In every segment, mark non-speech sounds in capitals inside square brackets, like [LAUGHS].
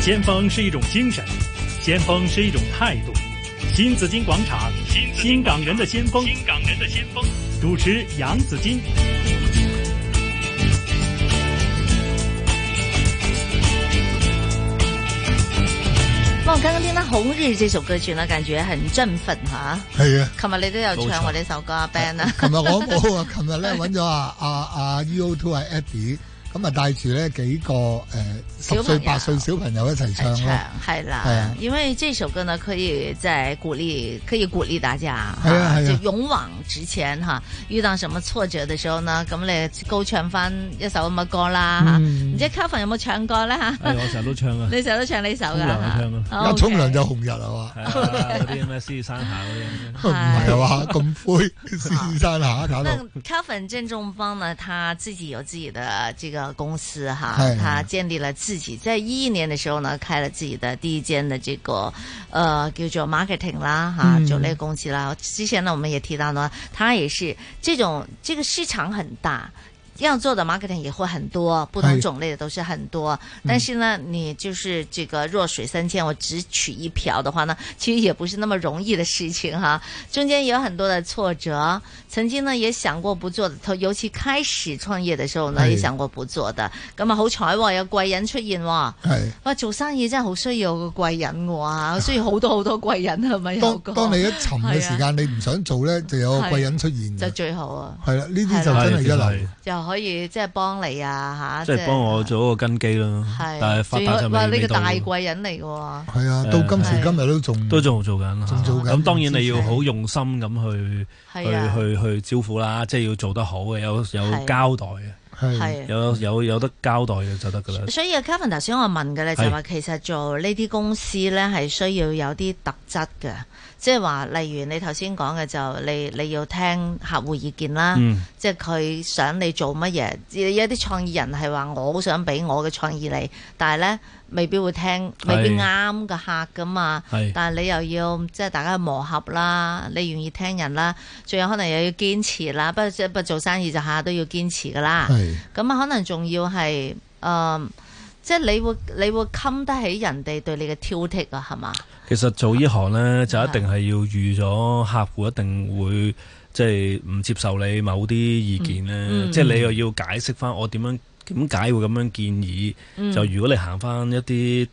先鋒是一種精神，先鋒是一種態度。新紫荊廣場，新，廣場新港人的先鋒，新港人的先鋒。主持楊紫荊。哇、哦、剛剛聽到《紅日》這首歌曲呢，感覺很振奮吓。係啊，琴日 [NOISE] [NOISE] 你都有唱我呢首歌啊，Ben 啊。琴日我冇啊，琴日咧揾咗阿阿阿 U O Two 阿 Eddie。咁啊，帶住咧幾個誒，十歲八歲小朋友一齊唱咯，係啦，係啊，因為這首歌呢，可以即係鼓勵，可以鼓勵大家，係啊，係啊就勇往直前，吓，遇到什麼挫折嘅時候呢，咁你高唱翻一首咁嘅歌啦。你啲 Kelvin 有冇唱過咧？吓，我成日都唱啊，你成日都唱呢首噶，沖涼就紅日啊，嘛啊，啲咩獅子山下嗰啲，唔係啊嘛，咁灰獅子山下搞到。Kelvin 鄭仲邦呢，他自己有自己嘅。這個。公司哈，他建立了自己，在一一年的時候呢，開了自己的第一間的這個，呃叫做 marketing 啦，哈，酒、嗯、類公司啦。之前呢，我們也提到呢，他也是這種，這個市場很大。要做的 Marketing 也會很多，不同種類的都是很多。是但是呢，你就是這個弱水三千，我只取一瓢的話呢，其實也不是那麼容易的事情哈。中間也有很多的挫折，曾經呢也想過不做，尤尤其開始創業的時候呢，是也想過不做的。咁啊好彩有貴人出現、哦，係是，哇做生意真係好需要個貴人嘅、哦、哇，需要好多好多貴人係咪？當你一沉嘅時間，啊、你唔想做呢，就有個貴人出現，就最好啊。係啦，呢啲就真係一流。又。可以即係幫你啊吓，即係幫我做一個根基咯。係的，但係發達就！呢個大貴人嚟㗎、啊。係啊，到今時今日都仲都仲做緊。仲做緊。咁、啊、當然你要好用心咁去的去去去，去招呼啦，即、就、係、是、要做得好嘅，有有交代嘅。係是，有有有得交代嘅就得噶啦。所以 Kevin 頭先我問嘅咧就話，其實做呢啲公司咧係需要有啲特質嘅，是即係話例如你頭先講嘅就，你你要聽客戶意見啦，嗯、即係佢想你做乜嘢。有啲創意人係話，我好想俾我嘅創意你，但係咧。未必會聽，未必啱個客噶嘛。是但係你又要即係大家磨合啦，你願意聽人啦，仲有可能又要堅持啦。不過即係不過做生意就下都要堅持噶啦。咁啊是，可能仲要係，誒、呃，即係你會你會襟得起人哋對你嘅挑剔啊？係嘛？其實做呢行呢，嗯、就一定係要預咗客戶一定會即係唔接受你某啲意見呢。嗯嗯、即係你又要解釋翻我點樣。點解會咁樣建議？就如果你行返一啲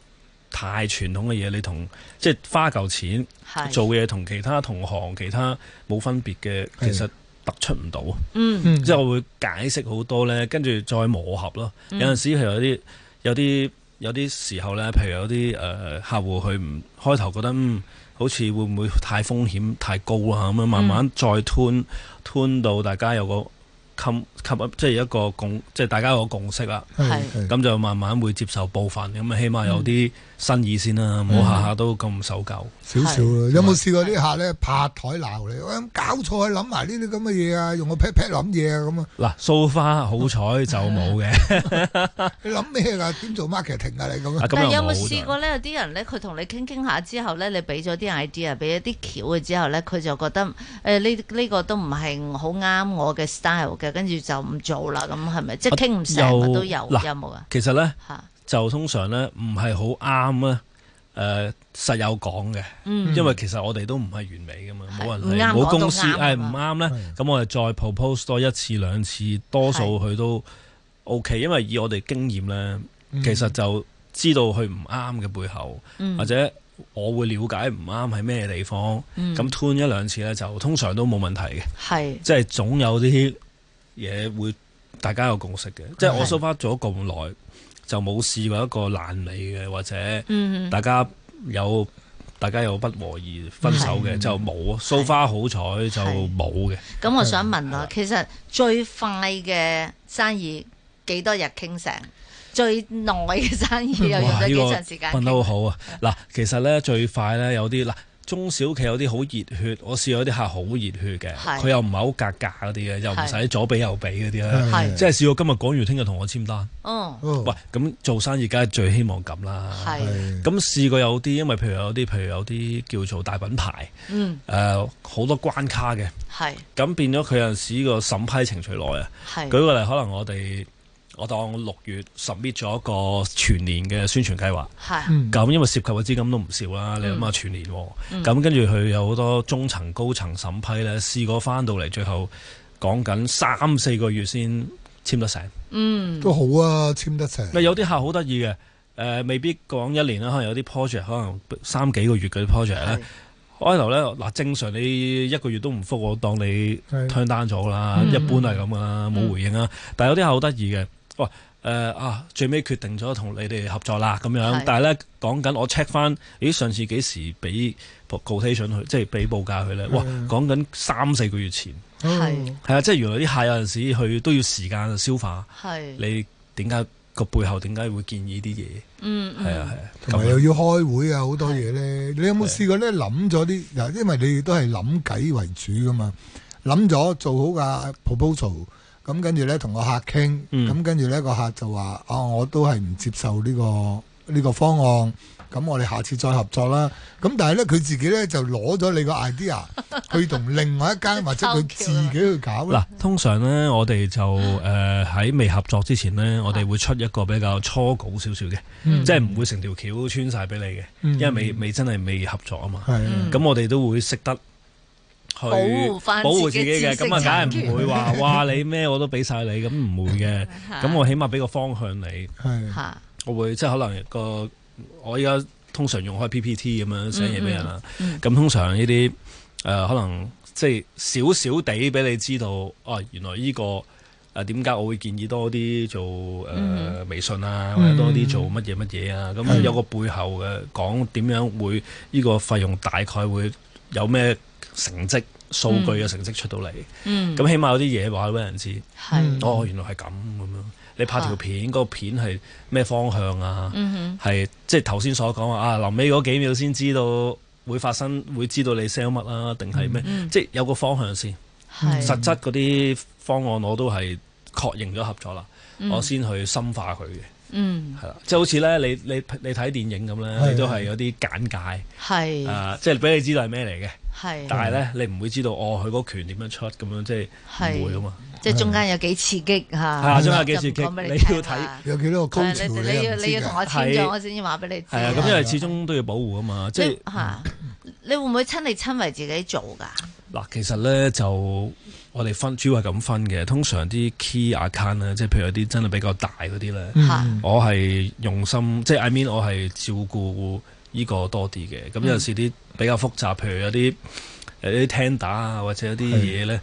太傳統嘅嘢，你同即係花嚿錢的做嘢，同其他同行其他冇分別嘅，其實突出唔到。嗯的，之後 [NOISE] 會解釋好多呢，跟住再磨合咯。有陣時，有有有時，譬如有啲有啲有啲時候呢，譬如有啲誒客戶佢唔開頭覺得、嗯、好似會唔會太風險太高啦，咁樣慢慢再吞吞 [NOISE] 到大家有個襟。吸即係一個共，即係大家有個共識啦。係，咁就慢慢會接受部分。咁啊，起碼有啲新意先啦。唔好下下都咁守舊。少少有冇試過啲客咧拍台鬧你？我諗搞錯，諗埋呢啲咁嘅嘢啊！用個 pat pat 諗嘢啊咁啊！嗱，掃花好彩就冇嘅。你諗咩啊？點做 marketing 啊？你咁啊？但有冇試過呢？有啲人呢，佢同你傾傾下之後呢，你俾咗啲 idea，俾咗啲橋嘅之後呢，佢就覺得誒呢呢個都唔係好啱我嘅 style 嘅，跟住。就唔做啦，咁係咪？即係傾唔成啊？都有有冇啊？其實咧，就通常咧唔係好啱咧。誒，實有講嘅，因為其實我哋都唔係完美噶嘛，冇人冇公司誒唔啱咧，咁我哋再 propose 多一次兩次，多數佢都 OK。因為以我哋經驗咧，其實就知道佢唔啱嘅背後，或者我會了解唔啱係咩地方。咁 turn 一兩次咧，就通常都冇問題嘅。係即係總有啲。嘢會大家有共識嘅，的即係我 so far 做咗咁耐就冇試過一個爛尾嘅，或者大家有、嗯、哼大家有不和而分手嘅的就冇。so far 好彩就冇嘅。咁的我想問啊，的其實最快嘅生意幾多日傾成？的最耐嘅生意又用咗幾長時間？問得好好啊！嗱， [LAUGHS] 其實咧最快咧有啲嗱。中小企有啲好熱血，我試過有啲客好熱血嘅，佢是又唔係好格格格價嗰啲嘅，又唔使左比右比嗰啲咧，是即係試過今日講完，聽日同我簽單。哦、喂，咁做生意梗係最希望咁啦。係是，咁試過有啲，因為譬如有啲，譬如有啲叫做大品牌，誒好、嗯呃、多關卡嘅。係是，咁變咗佢有陣時個審批程序耐啊。係是，舉個例，可能我哋。我當六月 submit 咗一個全年嘅宣傳計劃，係咁、啊，嗯、因為涉及嘅資金都唔少啦。你諗下全年，咁、嗯嗯、跟住佢有好多中層、高層審批咧，試過翻到嚟，最後講緊三四個月先簽得成。嗯，都好啊，簽得成。嗯、有啲客好得意嘅，未必講一年啦，可能有啲 project，可能三幾個月嗰啲 project 咧。開頭咧，嗱，正常你一個月都唔復，我當你 turn down 咗啦，的嗯、一般係咁噶啦，冇回應啦。但係有啲客好得意嘅。喂，誒啊，最尾決定咗同你哋合作啦，咁樣。但係咧講緊，我 check 翻，咦？上次幾時俾 proposal 即係俾報價佢咧？哇，講緊三四個月前，係係啊，即係原來啲客有陣時佢都要時間消化。係，你點解個背後點解會建議啲嘢？嗯，係啊，係啊，同埋又要開會啊，好多嘢咧。你有冇試過咧？諗咗啲，嗱，因為你都係諗計為主噶嘛，諗咗做好個 proposal。咁跟住咧，同個客傾，咁跟住咧，個客就話啊我都係唔接受呢、呢個呢、呢個方案，咁、啊、我哋下次再合作啦。咁、啊、但係咧，佢自己咧就攞咗你個 idea 去同另外一間 [LAUGHS] 或者佢自己去搞啦。嗱， [LAUGHS] 通常咧，我哋就誒喺、呃、未合作之前咧，我哋會出一個比較初稿少少嘅，嗯、即係唔會成條橋穿晒俾你嘅，因為未未真係未合作啊嘛。咁、嗯嗯、我哋都會識得。去保護保護自己嘅，咁啊，梗係唔會話話 [LAUGHS] 你咩，我都俾晒你，咁唔會嘅。咁 [LAUGHS] 我起碼俾個方向你， [LAUGHS] 係吓，我會即係可能個我依家通常用開 PPT 咁樣寫嘢俾人啦。咁、嗯嗯、通常呢啲誒，可能即係少少地俾你知道，哦、啊，原來呢、這個誒點解我會建議多啲做誒、呃嗯、微信啊，或者多啲做乜嘢乜嘢啊。咁、嗯嗯、有個背後嘅講，點樣，樣會呢個費用大概會？有咩成績數據嘅成績出到嚟，咁、嗯、起碼有啲嘢話俾人知。是哦，原來係咁咁樣。你拍條片，嗰、啊、個片係咩方向啊？係、嗯、哼即係頭先所講話啊，臨尾嗰幾秒先知道會發生，會知道你 sell 乜啦，定係咩？嗯、即係有個方向先。是嗯、實質嗰啲方案我都係確認咗合作啦，我先去深化佢嘅。嗯。嗯，係啦，即係好似咧，你你你睇電影咁咧，你都係有啲簡介，係啊，即係俾你知道係咩嚟嘅，係，但係咧你唔會知道哦，佢嗰拳點樣出咁樣，即係唔會啊嘛，即係中間有幾刺激吓，係啊，中間有幾刺激，你要睇有幾多個高潮，你要同我簽咗我先至話俾你知，係，咁因為始終都要保護啊嘛，即係，吓，你會唔會親力親為自己做噶？嗱，其實咧就。我哋分主要係咁分嘅，通常啲 key account 咧，即係譬如有啲真係比較大嗰啲咧，嗯、我係用心，即係 I mean 我係照顧依個多啲嘅。咁有時啲比較複雜，譬如有啲有啲 tender 啊，或者有啲嘢咧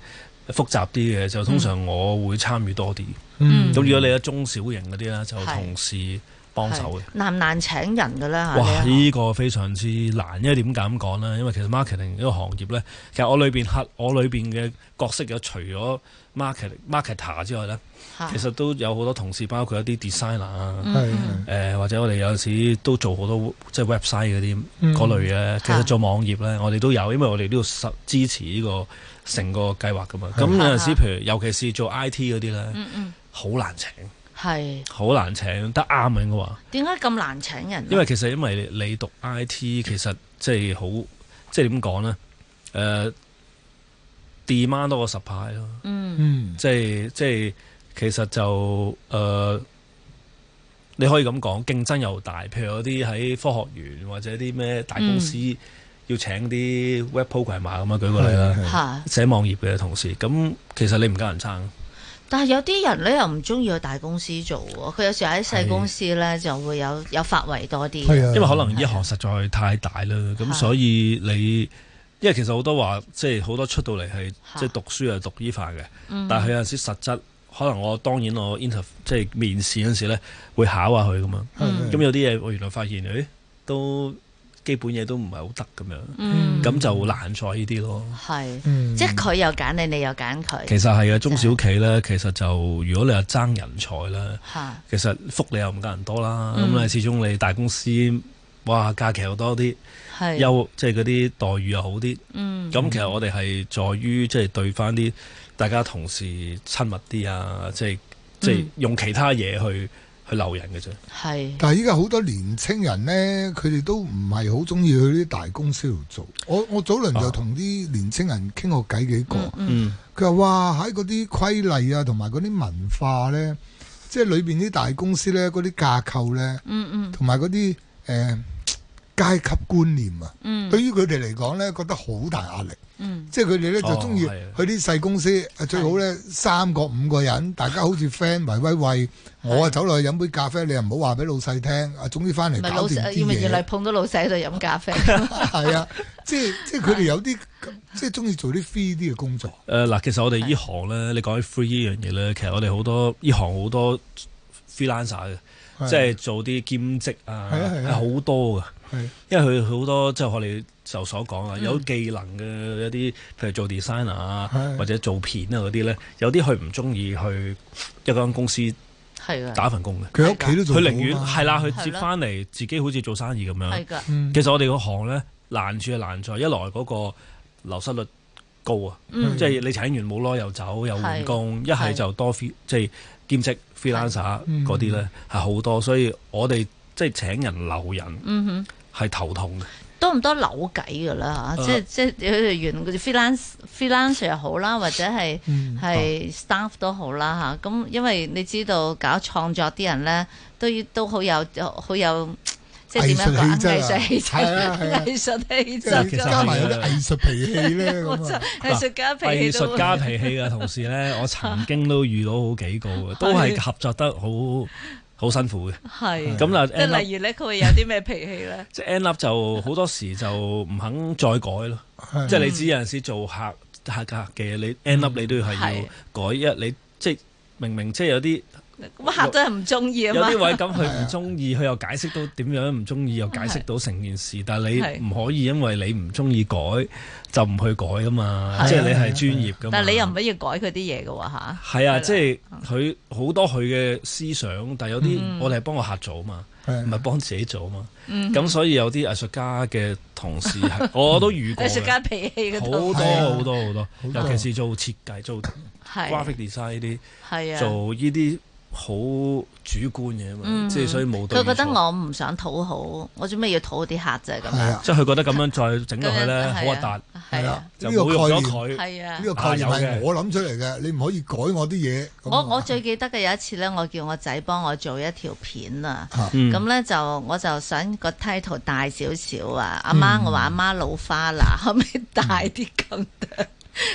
複雜啲嘅，就通常我會參與多啲。咁、嗯、如果你有中小型嗰啲咧，就同時。幫手嘅難唔難請人嘅啦。哇！呢個非常之難，因為點解咁講咧？因為其實 marketing 呢個行業咧，其實我裏邊吓我裏邊嘅角色有除咗 market marketer 之外咧，是其實都有好多同事，包括一啲 designer 啊、嗯，誒、嗯呃、或者我哋有陣時都做好多即係 website 嗰啲嗰類嘅，嗯、其實做網頁咧，是我哋都有，因為我哋都要實支持呢個成個計劃噶嘛。咁是有陣時，譬如尤其是做 IT 嗰啲咧，好、嗯嗯、難請。係好是難請，得啱嘅應該話。點解咁難請人？因為其實因為你讀 I T，其實即係好即係點講呢誒，demand 多過 supply 咯。即係、uh, 嗯、即係，其實就誒，uh, 你可以咁講，競爭又大。譬如有啲喺科學園或者啲咩大公司要請啲 Web programmer 咁樣、嗯，舉個例啦，寫網頁嘅同事。咁其實你唔加人撐。但係有啲人咧，又唔中意去大公司做，佢有時喺細公司咧的就會有有發圍多啲。的因為可能呢行實在太大啦，咁的所以你，因為其實好多話即係好多出到嚟係即係讀書又讀醫範嘅，的但係佢有陣時實質可能我當然我 interview, 即係面試嗰陣時咧，會考下佢咁樣，咁的、嗯、有啲嘢我原來發現，誒、欸、都。基本嘢都唔係好得咁樣，咁就難在呢啲咯。係，即係佢又揀你，你又揀佢。其實係啊，中小企呢，其實就如果你話爭人才咧，其實福利又唔夠人多啦。咁咧，始終你大公司，哇，假期又多啲，又即係嗰啲待遇又好啲。咁其實我哋係在於即係對翻啲大家同事親密啲啊，即係即係用其他嘢去。去留人嘅啫，係是。但係依家好多年青人咧，佢哋都唔係好中意去啲大公司度做。我我早輪就同啲年青人傾過偈幾個，佢話、嗯嗯、哇喺嗰啲規例啊，同埋嗰啲文化咧，即係裏邊啲大公司咧，嗰啲架構咧、嗯，嗯嗯，同埋嗰啲誒階級觀念啊，嗯，對於佢哋嚟講咧，覺得好大壓力。嗯、即係佢哋咧就中意去啲細公司，哦、最好咧三個五個人，是的 大家好似 friend 喂喂喂，是的 我啊走落去飲杯咖啡，你又唔好話俾老細聽，啊總之翻嚟搞掂啲嘢。咪老細，咪原來碰到老細喺度飲咖啡。係 [LAUGHS] 啊， [LAUGHS] 即係即係佢哋有啲是的 即係中意做啲 free 啲嘅工作。誒嗱、呃，其實我哋呢行咧，你講起 free 呢樣嘢咧，其實我哋好多呢行好多 freelancer 嘅的的，即係做啲兼職啊，啊的，好多噶。因為佢好多即係我哋就所講啊，有技能嘅一啲，譬如做 designer 啊，或者做片啊嗰啲咧，有啲佢唔中意去一間公司打份工嘅，佢屋企都做，佢寧願係啦，佢接翻嚟自己好似做生意咁樣。的嗯、其實我哋個行咧難處係難在，一來嗰個流失率高啊，即係、嗯、你請完冇耐又走又換工，的一係就多即係兼職 freelancer 嗰啲咧係好的多，所以我哋即係請人留人。嗯嗯係頭痛嘅，多唔多扭計噶啦？吓、啊，即係即係，無論 freelance、freelancer 又好啦，或者係係 staff 都好啦，吓。咁、嗯啊、因為你知道搞創作啲人咧，都都好有好有，即係點樣講藝術氣質、藝術氣質。加埋啲藝術脾氣咧，咁啊！藝術家脾氣。藝術 [LAUGHS] 家脾氣嘅同事咧，我曾經都遇到好幾個，都係合作得好。 [LAUGHS] 好辛苦嘅，係咁啦。即係例如咧，佢會有啲咩脾氣咧？即係 [LAUGHS] end up 就好多時就唔肯再改咯。即係 [LAUGHS] 你知有陣時做客客客嘅，你 end up 你都係要改一，的因為你即係明明即係有啲。咁客都係唔中意啊！有啲位咁，佢唔中意，佢又解釋到點樣唔中意，又解釋到成件事。但係你唔可以，因為你唔中意改就唔去改噶嘛。即係你係專業噶。但係你又唔可以改佢啲嘢嘅喎嚇。係啊，即係佢好多佢嘅思想，但係有啲我哋係幫個客做啊嘛，唔係幫自己做啊嘛。咁所以有啲藝術家嘅同事係我都遇過。藝術家脾氣好多好多好多，尤其是做設計做 graphic design 呢啲，做呢啲。好主觀嘅嘛，即係所以冇對。佢覺得我唔想討好，我做咩要討好啲客啫？咁樣即係佢覺得咁樣再整落去咧，好核突，係啦，就侮辱咗佢。係啊，呢個概念係我諗出嚟嘅，你唔可以改我啲嘢。我我最記得嘅有一次咧，我叫我仔幫我做一條片啊，咁咧就我就想個 title 大少少啊，阿媽我話阿媽老花啦，可唔可以大啲咁，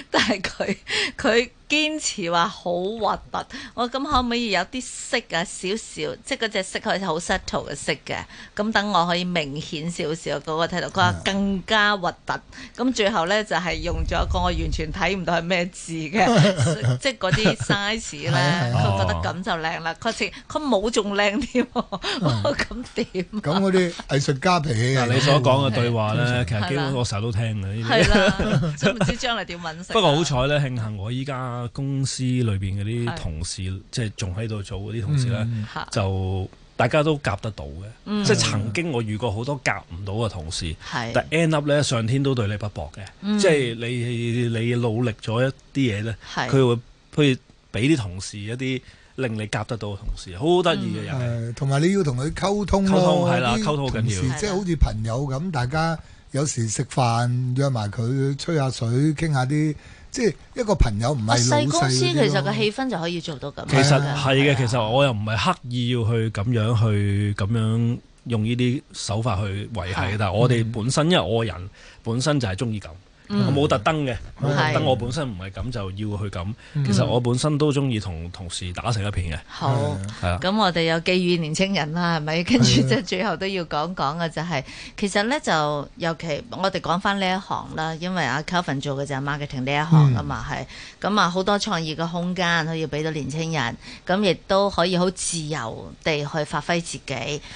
但係佢佢，堅持話好核突，我咁可唔可以有啲色啊？少少，即係嗰隻色係好 settle 嘅色嘅，咁等我可以明顯少少嗰個睇到。佢話更加核突，咁最後咧就係用咗一個我完全睇唔到係咩字嘅，即係嗰啲 size 咧，佢覺得咁就靚啦。確實佢冇仲靚添，咁 [LAUGHS] 點、嗯、 [LAUGHS] 啊？咁嗰啲藝術家脾氣啊！你所講嘅對話咧，其實基本我成日都聽嘅。呢啲係啦，真唔知將來點揾食。 [LAUGHS] 不過好彩咧，慶幸我依家，公司裏邊嗰啲同事，的即係仲喺度做嗰啲同事咧，嗯、就大家都夾得到嘅。嗯、即係曾經我遇過好多夾唔到嘅同事，的但係 end up 咧，上天都對你不薄嘅。的即係你你努力咗一啲嘢咧，佢的會譬如俾啲同事一啲令你夾得到嘅同事，好得意嘅人。同埋你要同佢溝通，溝通，係啦，溝通好緊要，即係、就是、好似朋友咁，大家有時食飯的的約埋佢吹下水，傾下啲。即係一個朋友，唔係細公司，其實個氣氛就可以做到咁。其實係嘅，其實我又唔係刻意要去咁樣去咁樣用呢啲手法去維繫。的但係我哋本身、嗯、因為我個人本身就係中意咁。嗯、我冇特登嘅，特登是我本身唔係咁就要去咁。是其實我本身都中意同同事打成一片嘅。好，咁、嗯啊、我哋有寄語年青人啦，係咪？跟住即係最後都要講講嘅就係、是，是的 其實咧就尤其我哋講翻呢一行啦，因為阿 Kelvin 做嘅就係 marketing 呢一行啊嘛，係、嗯。咁啊好多創意嘅空間可以俾到年青人，咁亦都可以好自由地去發揮自己。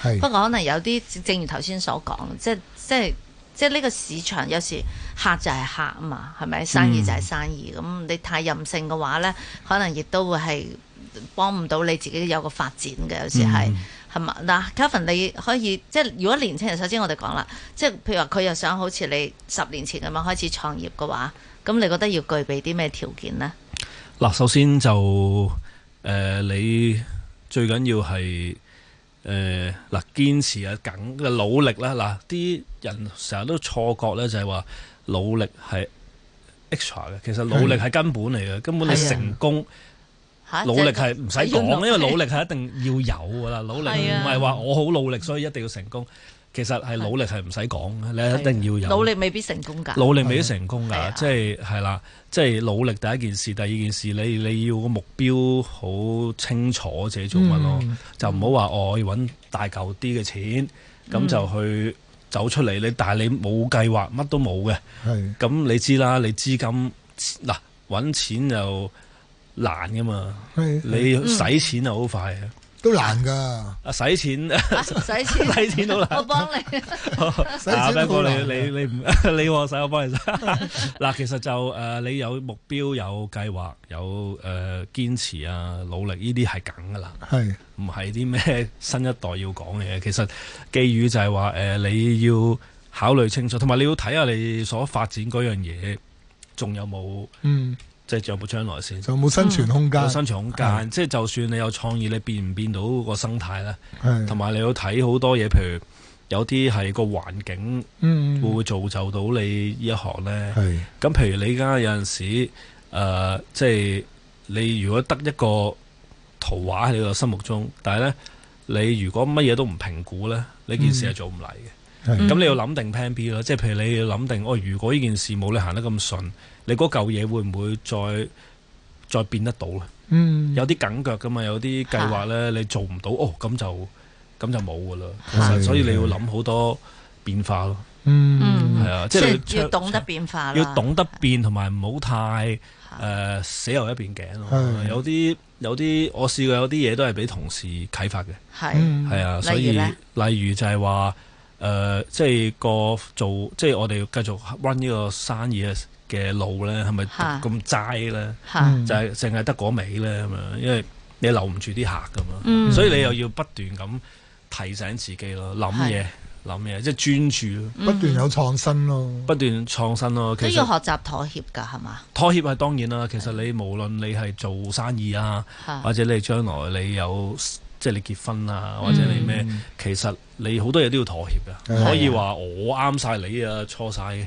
是的 不過可能有啲，正如頭先所講，即即係。即即係呢個市場有時客就係客啊嘛，係咪？生意就係生意，咁嗯、你太任性嘅話呢，可能亦都會係幫唔到你自己有個發展嘅，有時係，係咪？嗱、嗯、吧，Kevin 你可以即係如果年輕人首先我哋講啦，即係譬如話佢又想好似你十年前咁樣開始創業嘅話，咁你覺得要具備啲咩條件呢？嗱，首先就誒、呃，你最緊要係。誒嗱，呃，堅持啊，緊嘅努力、啊、啦，嗱啲人成日都錯覺呢，就係話努力係 extra 嘅，其實努力係根本嚟嘅，根本你成功。啊、努力係唔使講，因為努力係一定要有噶啦，努力唔係話我好努力，所以一定要成功。其實係努力係唔使講嘅，的你一定要有。努力未必成功㗎。努力未必成功㗎的，即係係啦，即係努力第一件事，第二件事你，你要個目標好清楚自己做乜咯，嗯、就唔好話我要揾大嚿啲嘅錢，咁、嗯、就去走出嚟。但你但係你冇計劃，乜都冇嘅。係的。咁、嗯、你知啦，你資金，嗱揾錢就難㗎嘛，你使錢就好快。的都難噶使、啊、錢使 [LAUGHS] 錢使 [LAUGHS] 錢都難，我幫、 [LAUGHS] [LAUGHS] 啊、你。啊， [LAUGHS] 大你你你唔你我使，我幫你嗱。其實就誒、呃，你有目標、有計劃、有誒堅、呃、持啊、努力呢啲係梗噶啦。係，唔係啲咩新一代要講嘅嘢。其實寄語就係話，誒、呃，你要考慮清楚，同埋你要睇下你所發展嗰樣嘢，仲有冇嗯。即係你有冇將來先？就有冇生存空間？生存空間，即係、嗯、就算你有創意，你變唔變到個生態咧？同埋、嗯、你要睇好多嘢，譬如有啲係個環境，嗯，會唔會造就到你呢一行咧？係、嗯。咁譬如你而家有陣時，誒、呃，即係你如果得一個圖畫喺你個心目中，但係咧，你如果乜嘢都唔評估咧，呢件事係做唔嚟嘅。嗯。咁你要諗定 plan B 咯，即係譬如你要諗定哦，如果呢件事冇你行得咁順，你嗰嚿嘢會唔會再再變得到咧？嗯，有啲梗腳噶嘛，有啲計劃咧，你做唔到哦，咁就咁就冇噶啦。其實所以你要諗好多變化咯。嗯，係啊，即係要懂得變化，要懂得變，同埋唔好太誒死牛一邊頸咯。有啲有啲，我試過有啲嘢都係俾同事啟發嘅。係係啊，所以例如就係話。誒、呃，即係個做，即係我哋要繼續 run 呢個生意嘅路咧，係咪咁齋咧？啊啊、就係淨係得嗰尾咧咁樣，因為你留唔住啲客㗎嘛，啊、所以你又要不斷咁提醒自己咯，諗嘢，諗嘢、啊，即係、就係、專注，啊啊、不斷有創新咯，不斷創新咯，其實都要學習妥協㗎，係嘛？妥協係當然啦，其實你無論你係做生意啊，啊或者你將來你有。即係你結婚啊，或者你咩？嗯、其實你好多嘢都要妥協嘅，的可以話我啱晒你啊，錯晒嘅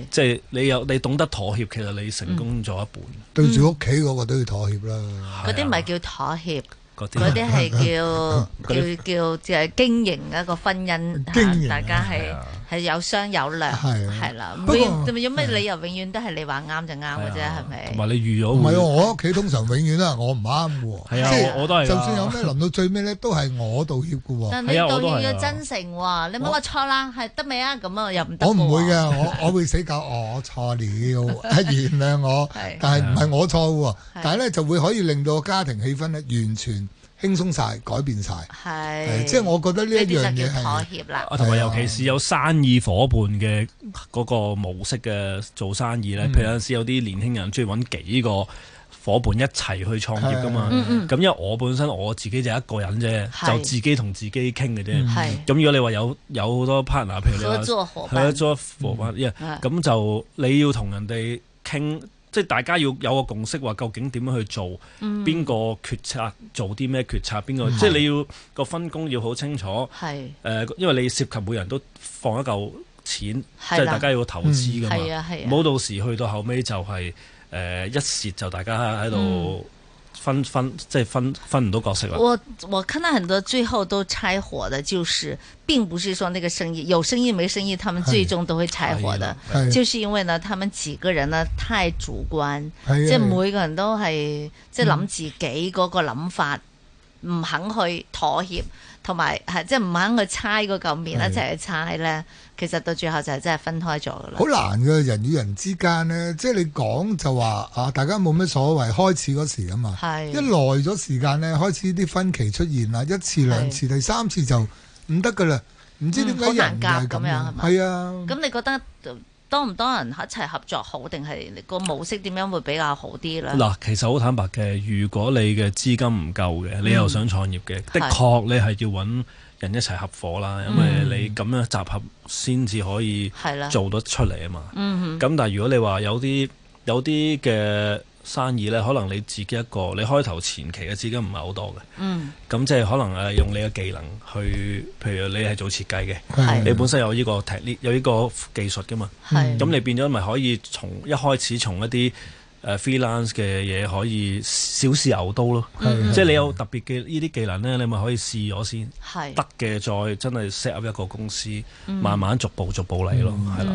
的。即係你有你懂得妥協，其實你成功咗一半。嗯、對住屋企嗰個都要妥協啦。嗰啲咪叫妥協？嗰啲啲係叫 [LAUGHS] 叫叫即係經營一個婚姻，啊、大家係。係有商有量，係啦，冇有咩理由永遠都係你話啱就啱嘅啫，係咪？同埋你預咗。唔係我屋企通常永遠都係我唔啱嘅，即係我都係，就算有咩臨到最尾咧，都係我道歉嘅。但你道歉要真誠喎，你冇話錯啦，係得未啊？咁啊又唔得。我唔會嘅，我我會死搞我錯了，原諒我，但係唔係我錯嘅，但係咧就會可以令到個家庭氣氛咧完全。輕鬆晒，改變晒，係，即係我覺得呢一樣嘢叫妥協啦。啊，同埋尤其是有生意伙伴嘅嗰個模式嘅做生意咧，譬如有陣時有啲年輕人中意揾幾個伙伴一齊去創業噶嘛。咁因為我本身我自己就一個人啫，就自己同自己傾嘅啫。係。咁如果你話有有好多 partner，譬如你話合作伙伴，咁就你要同人哋傾。即係大家要有個共識，話究竟點樣去做，邊個決策做啲咩決策，邊個、嗯、即係你要個分工要好清楚。係是，誒、呃，因為你涉及每人都放一嚿錢，即係的大家要投資㗎嘛。唔好、嗯、到時去到後尾就係、是、誒、呃、一蝕就大家喺度。嗯分分即係分分唔到角色啦。我我看到很多最後都拆夥的，就是並不是說那個生意有生意沒生意，他們最終都會拆夥的，是的是的就是因為呢，他們幾個人呢太主觀，即係的每一個人都係即係諗自己嗰個諗法，唔的肯去妥協。同埋係即係唔肯去猜嗰嚿面一齊去猜咧，其實到最後就係真係分開咗噶啦。好難噶，人與人之間咧，即係你講就話啊，大家冇咩所謂。開始嗰時啊嘛，係一耐咗時間咧，開始啲分歧出現啦，一次兩次，第三次就唔得噶啦，唔知點解人格咁、嗯、樣係嘛？係嗎啊，咁你覺得？多唔多人一齊合作好定係個模式點樣會比較好啲呢？嗱，其實好坦白嘅，如果你嘅資金唔夠嘅，你又想創業嘅，嗯、的確你係要揾人一齊合夥啦，因為你咁樣集合先至可以做得出嚟啊嘛。咁、嗯、但係如果你話有啲有啲嘅。生意呢，可能你自己一個，你開頭前期嘅資金唔係好多嘅。嗯。咁即係可能誒用你嘅技能去，譬如你係做設計嘅，你本身有呢個有呢個技術噶嘛。係。咁你變咗咪可以從一開始從一啲 freelance 嘅嘢可以小試牛刀咯。即係你有特別嘅呢啲技能呢，你咪可以試咗先。得嘅再真係 set up 一個公司，慢慢逐步逐步嚟咯，係啦。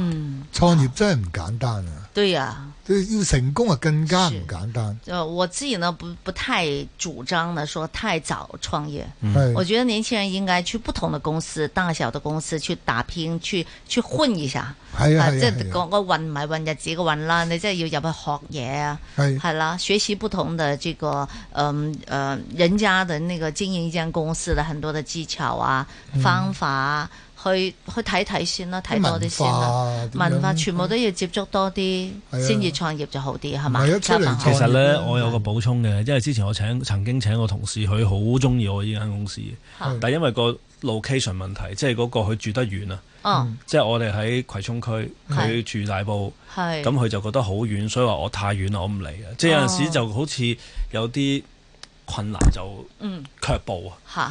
創業真係唔簡單啊！對啊。要成功啊，更加唔簡單。就、呃、我自己呢，不不太主張呢，說太早創業。嗯，我覺得年輕人應該去不同的公司，大小的公司去打拼，去去混一下。係、哎哎、啊，即係講個混咪混日子嘅混啦，你即係要入去學嘢。係、哎，好啦，學習不同的這個，嗯，呃，人家嘅，那個經營一間公司嘅很多嘅技巧啊，方法啊。嗯去去睇睇先啦，睇多啲先啦，文化全部都要接觸多啲，先至創業就好啲係嘛？其實呢，我有個補充嘅，因為之前我請曾經請個同事，佢好中意我呢間公司，但係因為個 location 問題，即係嗰個佢住得遠啊，即係我哋喺葵涌區，佢住大埔，咁佢就覺得好遠，所以話我太遠，我唔嚟嘅。即係有陣時就好似有啲困難，就嗯，卻步啊，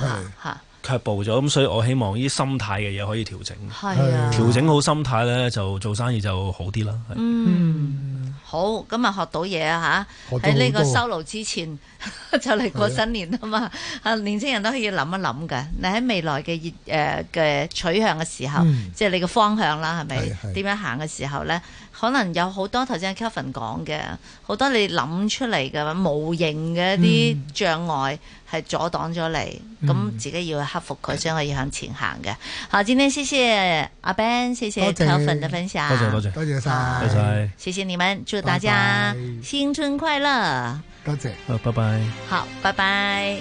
嚇卻步咗咁，所以我希望呢啲心態嘅嘢可以調整，調整、啊、調整好心態咧就做生意就好啲啦。嗯，好，今日學到嘢啊嚇！喺呢個收爐之前 [LAUGHS] 就嚟過新年啦嘛，啊年輕人都可以諗一諗嘅。你喺未來嘅熱誒嘅取向嘅時候，嗯、即係你嘅方向啦，係咪？點是樣行嘅時候咧？可能有好多頭先阿 Kevin 講嘅，好多你諗出嚟嘅無形嘅一啲障礙係、嗯、阻擋咗你，咁、嗯、自己要克服佢，先、嗯、可以向前行嘅。好，今天謝謝阿 Ben，謝謝 Kevin 嘅分享。多謝多謝，多謝晒，多謝。謝謝你們，祝大家新春快樂。多謝，好，拜拜。好，拜拜。